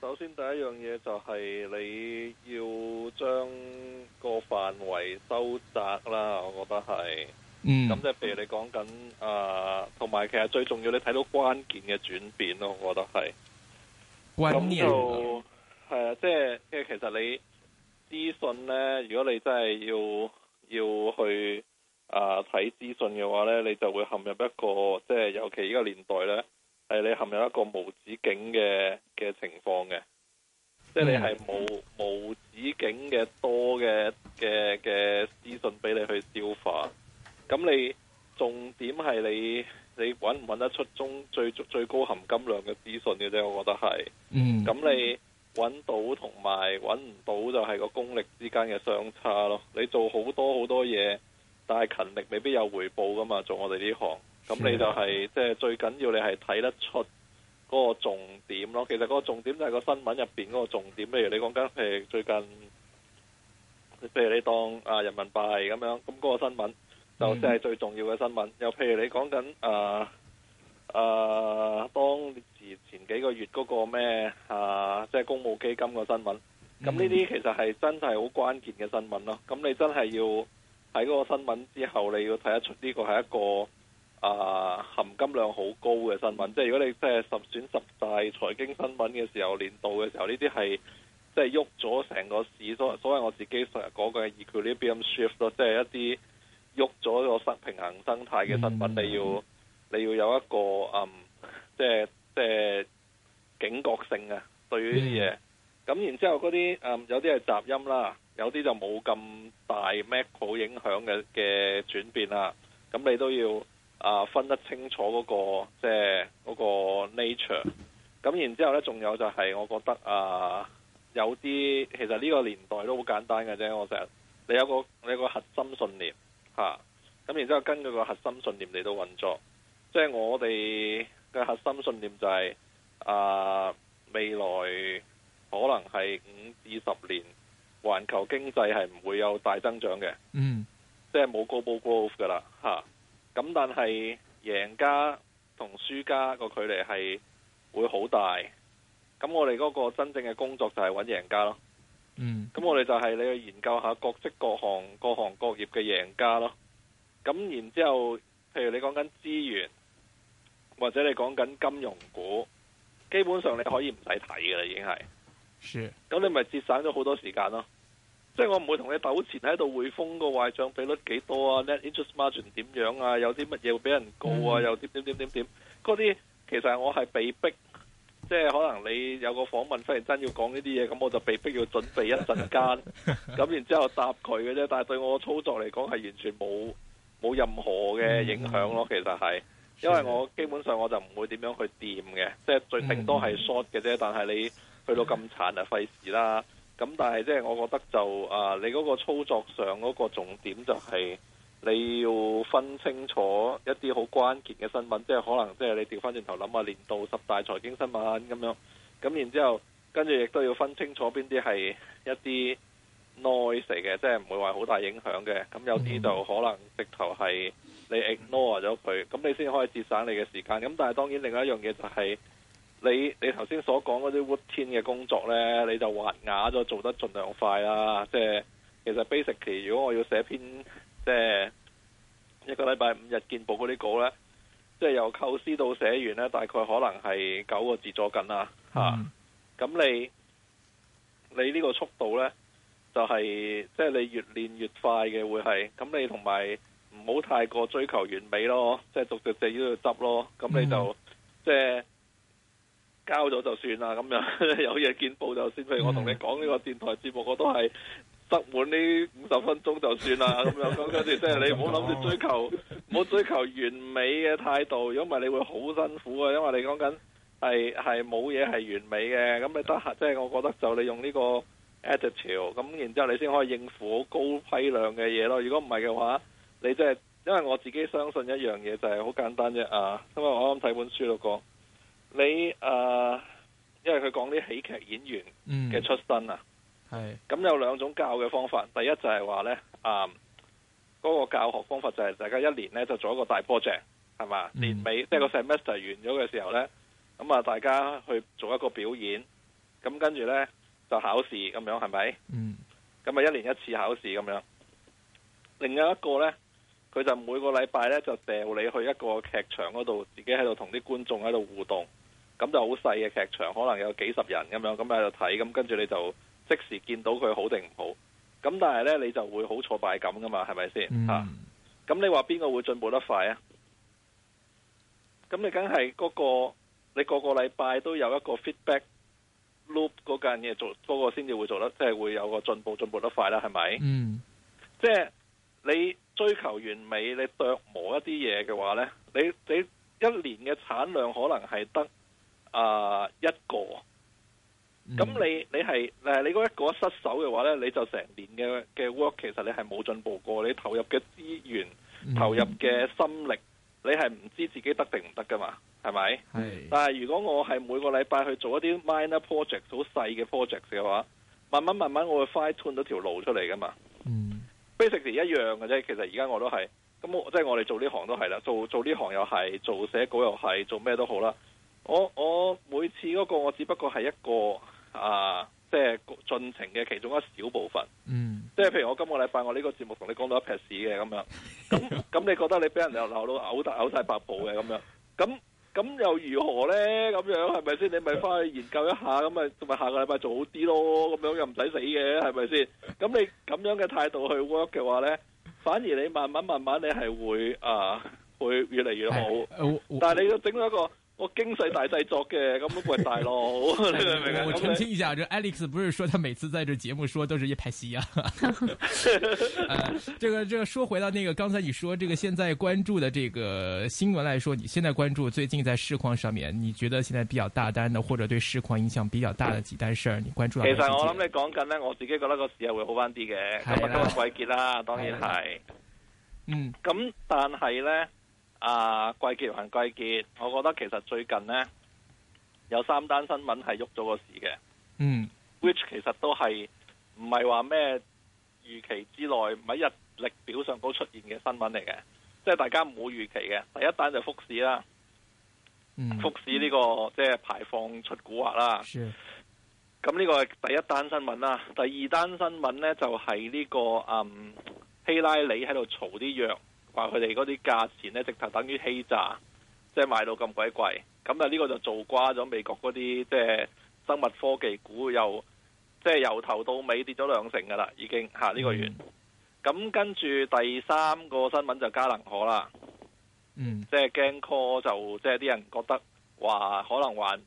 首先第一樣嘢就係你要將個範圍收窄啦，我覺得係。嗯。咁即係譬如你講緊啊，同、呃、埋其實最重要你睇到關鍵嘅轉變咯，我覺得係。觀念柔。係啊，即係即係其實你資訊，咧，如果你真係要要去、呃、睇資訊嘅話咧，你就會陷入一個即係、就是、尤其依個年代咧。係你含有一個無止境嘅嘅情況嘅，即係你係無、嗯、無止境嘅多嘅嘅嘅資訊俾你去消化，咁你重點係你你揾唔揾得出中最最高含金量嘅資訊嘅啫，我覺得係，嗯，咁你揾到同埋揾唔到就係個功力之間嘅相差咯。你做好多好多嘢，但係勤力未必有回報噶嘛，做我哋呢行。咁你就係即係最緊要，你係睇得出嗰個重點咯。其實嗰個重點就係個新聞入面嗰個重點，譬如你講緊譬如最近，譬如你當啊人民幣咁樣，咁嗰個新聞就即係最重要嘅新聞。嗯、又譬如你講緊啊啊，當前幾個月嗰個咩啊，即係公募基金個新聞，咁呢啲其實係真係好關鍵嘅新聞咯。咁你真係要喺嗰個新聞之後，你要睇得出呢個係一個。啊，含金量好高嘅新聞，即係如果你即係十選十大財經新聞嘅時候，年度嘅時候，呢啲係即係喐咗成個市，所所謂我自己嗰個係 equilibrium shift 咯，即係一啲喐咗個平衡生態嘅新聞，你要你要有一個嗯，即係即係警覺性啊，對於呢啲嘢。咁然之後嗰啲、嗯、有啲係雜音啦，有啲就冇咁大 macro 影響嘅嘅轉變啦。咁你都要。啊，分得清楚嗰、那個即係嗰個 nature，咁然之後呢，仲有就係我覺得啊，有啲其實呢個年代都好簡單嘅啫。我成日你有個你有個核心信念嚇，咁、啊、然之後根據嗰個核心信念嚟到運作。即、就、係、是、我哋嘅核心信念就係、是、啊，未來可能係五至十年，環球經濟係唔會有大增長嘅。嗯，即係冇 global growth 噶啦嚇。啊咁但係贏家同輸家個距離係會好大，咁我哋嗰個真正嘅工作就係揾贏家咯。嗯，咁我哋就係你去研究下各式各行各行各業嘅贏家咯。咁然之後，譬如你講緊資源，或者你講緊金融股，基本上你可以唔使睇噶啦，已經係。咁是你咪節省咗好多時間咯。即係我唔會同你糾纏喺度，匯豐個壞帳比率幾多啊？Net interest margin 點樣啊？有啲乜嘢會俾人告啊？又點點點點點？嗰啲其實我係被逼，即係可能你有個訪問，忽然真要講呢啲嘢，咁我就被逼要準備一陣間，咁 然之後答佢嘅啫。但係對我操作嚟講係完全冇冇任何嘅影響咯。其實係因為我基本上我就唔會點樣去掂嘅，即係最頂多係 short 嘅啫。但係你去到咁殘啊，費事啦～咁但係即係我覺得就啊，你嗰個操作上嗰個重點就係你要分清楚一啲好關鍵嘅新聞，即係可能即係你調翻轉頭諗下年度十大財經新聞咁樣。咁然之後跟住亦都要分清楚邊啲係一啲 noise 嘅，即係唔會話好大影響嘅。咁有啲就可能直頭係你 ignore 咗佢，咁你先可以節省你嘅時間。咁但係當然另外一樣嘢就係。你你頭先所講嗰啲 routine 嘅工作呢，你就滑牙咗，做得盡量快啦。即係其實 basically，如果我要寫篇即係一個禮拜五日見報嗰啲稿呢，即係由構思到寫完呢，大概可能係九個字左近啦。咁、嗯啊、你你呢個速度呢，就係、是、即係你越練越快嘅會係。咁你同埋唔好太過追求完美咯，即係逐字字都要執咯。咁你就、嗯、即係。交咗就算啦，咁樣有嘢見報就先。譬如我同你講呢個電台節目，我都係塞滿呢五十分鐘就算啦，咁 樣咁跟住，即係、就是、你唔好諗住追求，唔好 追求完美嘅態度。如果唔係，你會好辛苦啊，因為你講緊係冇嘢係完美嘅。咁你得閒，即係 我覺得就你用呢、這個 attitude 咁然之後你先可以應付好高批量嘅嘢咯。如果唔係嘅話，你即、就、係、是、因為我自己相信一樣嘢就係好簡單啫啊，因為我啱睇本書都講。你誒、呃，因為佢講啲喜劇演員嘅出身啊，係咁、嗯、有兩種教嘅方法。第一就係話咧，啊、嗯、嗰、那個教學方法就係大家一年咧就做一個大 project 係嘛，嗯、年尾、嗯、即係個 semester 完咗嘅時候咧，咁啊大家去做一個表演，咁跟住咧就考試咁樣係咪？是嗯，咁啊一年一次考試咁樣。另外一個咧，佢就每個禮拜咧就掉你去一個劇場嗰度，自己喺度同啲觀眾喺度互動。咁就好細嘅劇場，可能有幾十人咁樣咁喺度睇，咁跟住你就即時見到佢好定唔好。咁但係呢，你就會好挫敗感㗎嘛？係咪先吓？咁、mm. 啊、你話邊個會進步得快啊？咁你梗係嗰個你個個禮拜都有一個 feedback loop 嗰間嘢做，嗰、嗰個先至會做得即係、就是、會有個進步，進步得快啦？係咪？嗯，即係你追求完美，你琢磨一啲嘢嘅話呢，你你一年嘅產量可能係得。啊、呃、一個，咁你你係誒你嗰一個失手嘅話咧，你就成年嘅嘅 work 其實你係冇進步過，你投入嘅資源、嗯、投入嘅心力，你係唔知自己得定唔得噶嘛？係咪？係。但係如果我係每個禮拜去做一啲 minor project 好細嘅 project 嘅話，慢慢慢慢我會 fine tune 到條路出嚟噶嘛？、嗯、basically 一樣嘅啫，其實而家我都係，咁即係我哋做呢行都係啦，做做呢行又係，做寫稿又係，做咩都好啦。我我每次嗰個我只不過係一個啊，即係進程嘅其中一小部分。嗯，即係譬如我今個禮拜我呢個節目同你講到一撇屎嘅咁樣，咁咁你覺得你俾人又鬧到嘔嘔晒白泡嘅咁樣，咁咁又如何咧？咁樣係咪先？你咪翻去研究一下，咁咪同埋下個禮拜做好啲咯。咁樣又唔使死嘅，係咪先？咁你咁樣嘅態度去 work 嘅話咧，反而你慢慢慢慢你係會啊，會越嚟越好。但係你都整咗一個。我經濟大製作嘅咁貴大佬。 你明唔明我澄清一下，就 Alex 不是說他每次在這節目說都係一派戲啊。這個個，這說回到那個，剛才你說這個現在關注的這個新聞來說，你現在關注最近在市況上面，你覺得現在比較大單的，或者對市況影響比較大的幾單事，你關注的。其實我諗你講緊呢，我自己覺得個時候會好翻啲嘅，咁啊，貴結啦，當然係。嗯，咁但係咧。啊，季結還季結，我覺得其實最近呢，有三單新聞係喐咗個市嘅，嗯，which 其實都係唔係話咩預期之內，喺日曆表上都出現嘅新聞嚟嘅，即係大家唔好預期嘅。第一單就福士啦，嗯，福士呢個即係、嗯、排放出古惑啦，咁呢是個係第一單新聞啦。第二單新聞呢就係呢、這個嗯希拉里喺度嘈啲藥。話佢哋嗰啲價錢呢，直頭等於欺詐，即係賣到咁鬼貴，咁啊呢個就做瓜咗美國嗰啲即係生物科技股，又即係、就是、由頭到尾跌咗兩成噶啦，已經吓呢個月。咁、嗯、跟住第三個新聞就加能可啦，嗯，即係驚 call 就即係啲人覺得話可能還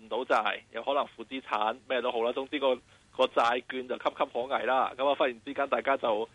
唔到債，有可能負資產咩都好啦，總之、那個個債券就岌岌可危啦。咁啊忽然之間大家就。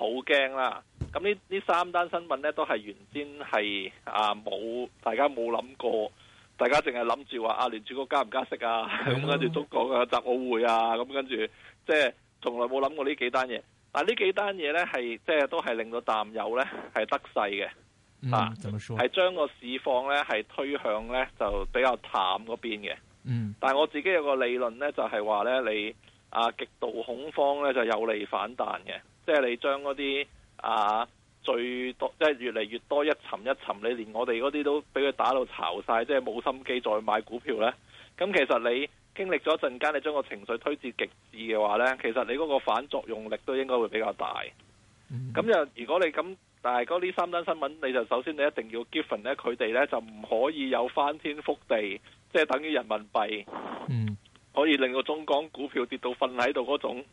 好驚啦！咁呢呢三單新聞咧，都係原先係啊冇大家冇諗過，大家淨係諗住話啊，聯儲局加唔加息啊，咁跟住中國嘅習奧會啊，咁跟住即係從來冇諗過呢幾單嘢。但呢幾單嘢咧即係都係令到淡友咧係得勢嘅，mm hmm. 啊，係將個市況咧係推向咧就比較淡嗰邊嘅。嗯、mm，hmm. 但係我自己有個理論咧，就係話咧你啊極度恐慌咧就有利反彈嘅。即係你將嗰啲啊最多，即係越嚟越多一層一層，你連我哋嗰啲都俾佢打到巢晒，即係冇心機再買股票呢。咁其實你經歷咗一陣間，你將個情緒推至極致嘅話呢,其實你嗰個反作用力都應該會比較大。咁又、mm hmm. 如果你咁,但係嗰呢三單新聞,你就首先你一定要 give i r m 佢哋呢就唔可以有翻天覆地,即、就、係、是、等於人民幣、mm hmm. 可以令到中港股票跌到瞓喺度嗰種。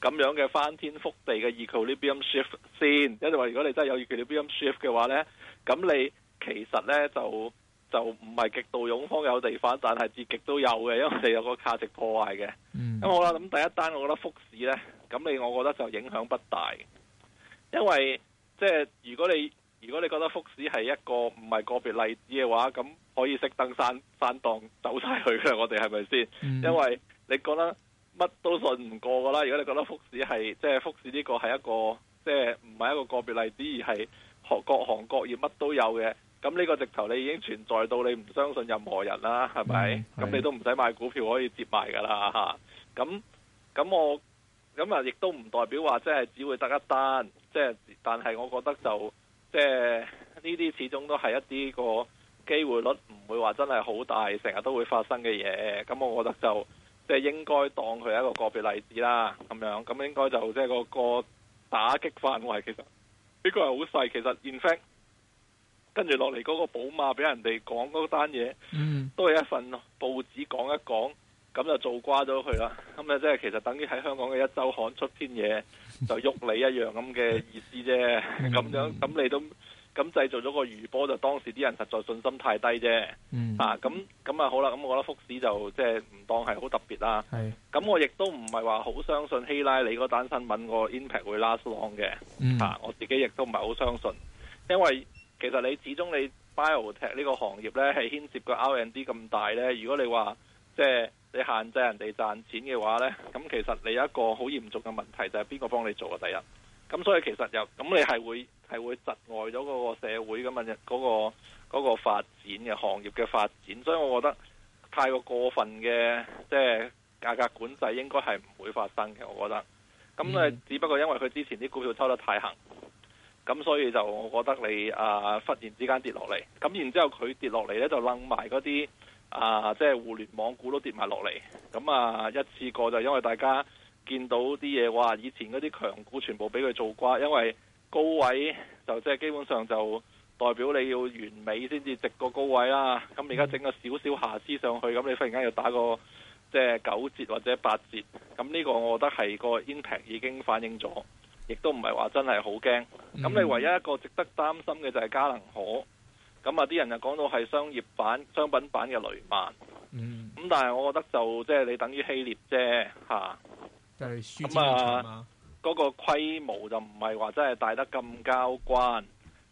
咁樣嘅翻天覆地嘅 equilibrium shift 先，因為話如果你真係有 equilibrium shift 嘅話呢，咁你其實呢就就唔係極度勇方有地方，但係至極都有嘅，因為你有個價值破壞嘅。咁、嗯嗯、好啦，咁第一單我覺得福士呢，咁你我覺得就影響不大，因為即係如果你如果你覺得福士係一個唔係個別例子嘅話，咁可以熄燈閂、散檔走晒去嘅，我哋係咪先？嗯、因為你覺得。乜都信唔過噶啦！如果你覺得福士係即係福士呢個係一個即係唔係一個個別例子，而係學各行各業乜都有嘅。咁呢個直頭你已經存在到你唔相信任何人啦，係咪？咁、嗯、你都唔使買股票可以接埋噶啦嚇。咁咁我咁啊，亦都唔代表話即係只會得一單。即、就、係、是、但係，我覺得就即係呢啲始終都係一啲個機會率唔會話真係好大，成日都會發生嘅嘢。咁我覺得就。就是即係應該當佢係一個個別例子啦，咁樣咁應該就即係個個打擊範圍其實呢個係好細。其實 in fact，跟住落嚟嗰個寶馬俾人哋講嗰單嘢，都係一份報紙講一講，咁就做瓜咗佢啦。咁啊、就是，即係其實等於喺香港嘅壹週刊出篇嘢就喐你一樣咁嘅意思啫。咁樣咁你都。咁製造咗個餘波，就當時啲人實在信心太低啫。嗯。啊，咁咁啊，好啦，咁我覺得覆市就即係唔當係好特別啦。咁是我亦都唔係話好相信希拉里嗰單新聞個 impact 會 last long 嘅。嗯、啊。我自己亦都唔係好相信，因為其實你始終你 biotech 呢個行業咧係牽涉個 R and D 咁大咧，如果你話即係你限制人哋賺錢嘅話咧，咁其實你有一個好嚴重嘅問題就係邊個幫你做啊？第一。咁所以其實又咁，你係會係會窒礙咗嗰個社會咁啊，嗰個嗰個發展嘅行業嘅發展，所以我覺得太過過分嘅即係價格管制應該係唔會發生嘅，我覺得。咁誒，只不過因為佢之前啲股票抽得太行，咁所以就我覺得你啊忽然之間跌落嚟，咁然之後佢跌落嚟咧就楞埋嗰啲啊，即係互聯網股都跌埋落嚟，咁啊一次過就因為大家。見到啲嘢，嘩以前嗰啲強股全部俾佢做瓜，因為高位就即係基本上就代表你要完美先至值個高位啦。咁而家整個少少瑕疵上去，咁你忽然間要打個即係、就是、九折或者八折，咁呢個我覺得係個 impact 已經反映咗，亦都唔係話真係好驚。咁你唯一一個值得擔心嘅就係嘉能可咁啊，啲人就講到係商業板、商品板嘅雷曼，咁但係我覺得就即係、就是、你等於希臘啫吓。咁啊，嗰個規模就唔係話真係大得咁交關，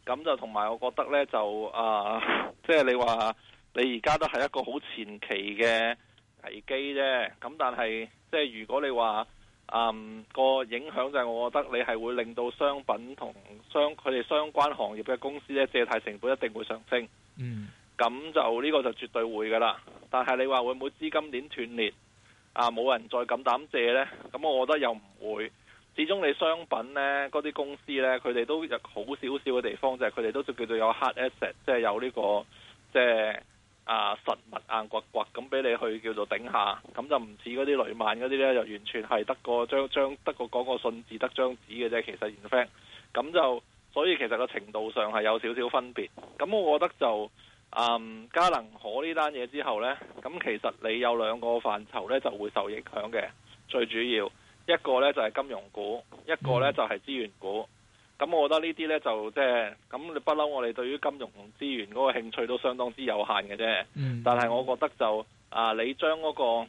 咁就同埋我覺得咧，就啊，即係你話你而家都係一個好前期嘅危機啫。咁但係即係如果你話嗯個影響，就係我覺得你係會令到商品同相佢哋相關行業嘅公司咧，借貸成本一定會上升。嗯，咁就呢個就絕對會噶啦。但係你話會唔會資金鏈斷裂？啊！冇人再咁膽借呢，咁我覺得又唔會。始終你商品呢，嗰啲公司呢，佢哋都有好少少嘅地方，就係佢哋都叫做有 hard asset，即係有呢個即係啊實物硬掘掘咁俾你去叫做頂下。咁就唔似嗰啲雷曼嗰啲呢，就完全係得個將將得個講個信字得張紙嘅啫。其實 r e f 咁就所以其實個程度上係有少少分別。咁我覺得就。嗯，um，嘉能可呢單嘢之後呢，咁其實你有兩個範疇呢就會受影響嘅，最主要一個呢就係、是、金融股，一個呢就係、是、資源股。咁、嗯、我覺得呢啲呢就即係咁，你不嬲我哋對於金融同資源嗰個興趣都相當之有限嘅啫。嗯、但係我覺得就啊，你將嗰個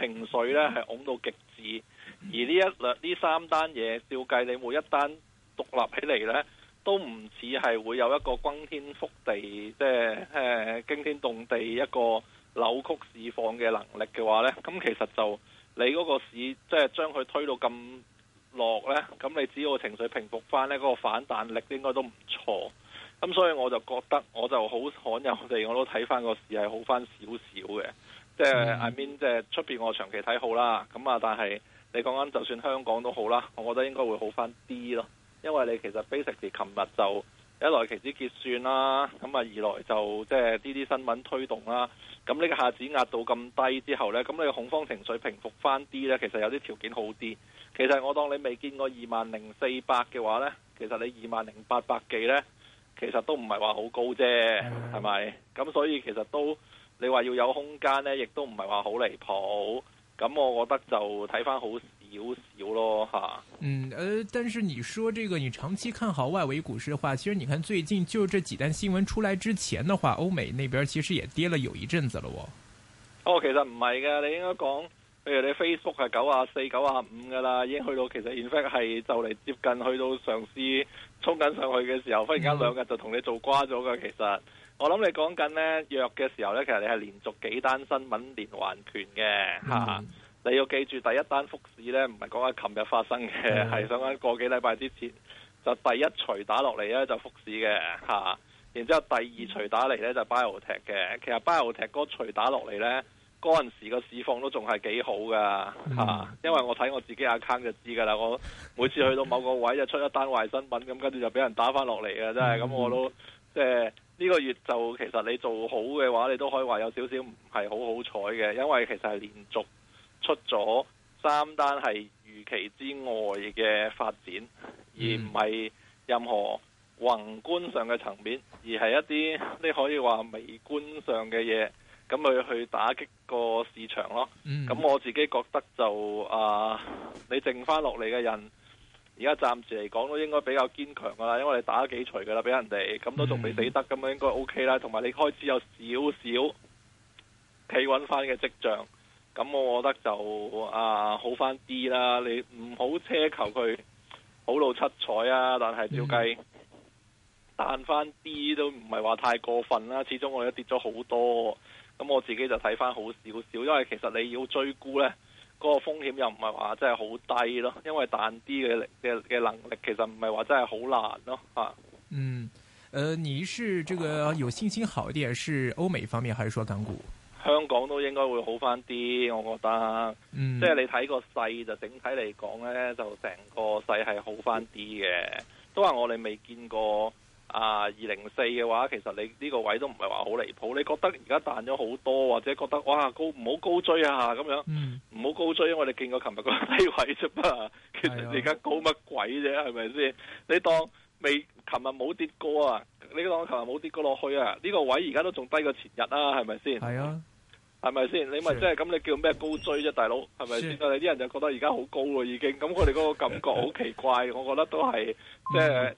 情緒呢係拱、嗯、到極致，而呢一兩呢三單嘢照計，你每一單獨立起嚟呢。都唔似係會有一個轟天覆地、即係誒驚天動地一個扭曲市況嘅能力嘅話呢，咁其實就你嗰個市即係、就是、將佢推到咁落呢。咁你只要情緒平復翻呢，嗰、那個反彈力應該都唔錯。咁所以我就覺得我就好罕有地我都睇翻個市係好翻少少嘅，即、就、係、是嗯、I mean 即係出面，我長期睇好啦。咁啊，但係你講緊就算香港都好啦，我覺得應該會好翻啲咯。因為你其實 basically，琴日就一來期指結算啦，咁啊二來就即係呢啲新聞推動啦，咁呢個下子壓到咁低之後呢，咁你的恐慌情緒平復翻啲呢，其實有啲條件好啲。其實我當你未見過二萬零四百嘅話呢，其實你二萬零八百幾呢，其實都唔係話好高啫，係咪？咁所以其實都你話要有空間呢，亦都唔係話好離譜。咁我覺得就睇翻好。有少咯吓，嗯，呃，但是你說這個你長期看好外圍股市的話，其實你看最近就這幾單新聞出來之前的話，歐美那邊其實也跌了有一陣子了哦。哦，其實唔係嘅，你應該講，譬如你 Facebook 係九啊四、九啊五噶啦，已經去到其實 in fact 係就嚟接近去到上司衝緊上去嘅時候，忽然間兩日就同你做瓜咗嘅。其實我諗你講緊呢弱嘅時候呢，其實你係連續幾單新聞連環拳嘅吓。嗯嗯你要記住，第一單復市呢唔係講緊琴日發生嘅，係想講過幾禮拜之前就第一錘打落嚟、啊、呢，就復市嘅嚇。然之後第二錘打嚟呢，就 BioNTech 嘅。其實 BioNTech 嗰錘打落嚟呢，嗰陣時個市況都仲係幾好噶嚇，啊嗯、因為我睇我自己 account 就知㗎啦。我每次去到某個位就出一單壞新聞，咁跟住就俾人打翻落嚟嘅。真係咁，我都即係呢個月就其實你做好嘅話，你都可以話有少少唔係好好彩嘅，因為其實係連續。出咗三單係預期之外嘅發展，嗯、而唔係任何宏觀上嘅層面，而係一啲你可以話微觀上嘅嘢，咁去去打擊個市場咯。咁、嗯、我自己覺得就啊、呃，你剩翻落嚟嘅人，而家暫時嚟講都應該比較堅強噶啦，因為你打咗幾錘噶、嗯 OK、啦，俾人哋咁都仲未死得，咁應該 O K 啦。同埋你開始有少少企穩翻嘅跡象。咁我覺得就啊好翻啲啦，你唔好奢求佢好到七彩啊，但係照計彈翻啲都唔係話太過分啦。始終我哋都跌咗好多，咁我自己就睇翻好少少，因為其實你要追沽咧，嗰、那個風險又唔係話真係好低咯。因為彈啲嘅嘅嘅能力其實唔係話真係好難咯吓。嗯，誒、呃，你是這個有信心好啲，是歐美方面，還是說港股？香港都應該會好翻啲，我覺得，即係、嗯、你睇個勢就整體嚟講呢，就成個勢係好翻啲嘅。嗯、都話我哋未見過啊二零四嘅話，其實你呢個位都唔係話好離譜。你覺得而家彈咗好多，或者覺得哇高唔好高追啊咁樣，唔好、嗯、高追，我哋見過琴日個低位啫嘛，其實而家、嗯、高乜鬼啫，係咪先？你當？未，琴日冇跌過啊！呢檔琴日冇跌過落去啊！呢、呢個位而家都仲低過前日啊，係咪先？係啊，係咪先？你咪即係咁，是你叫咩高追啫，啊，大佬？係咪先？我哋啲人就覺得而家好高咯，已經咁，佢哋嗰個感覺好奇怪， 我覺得都係即係。就是嗯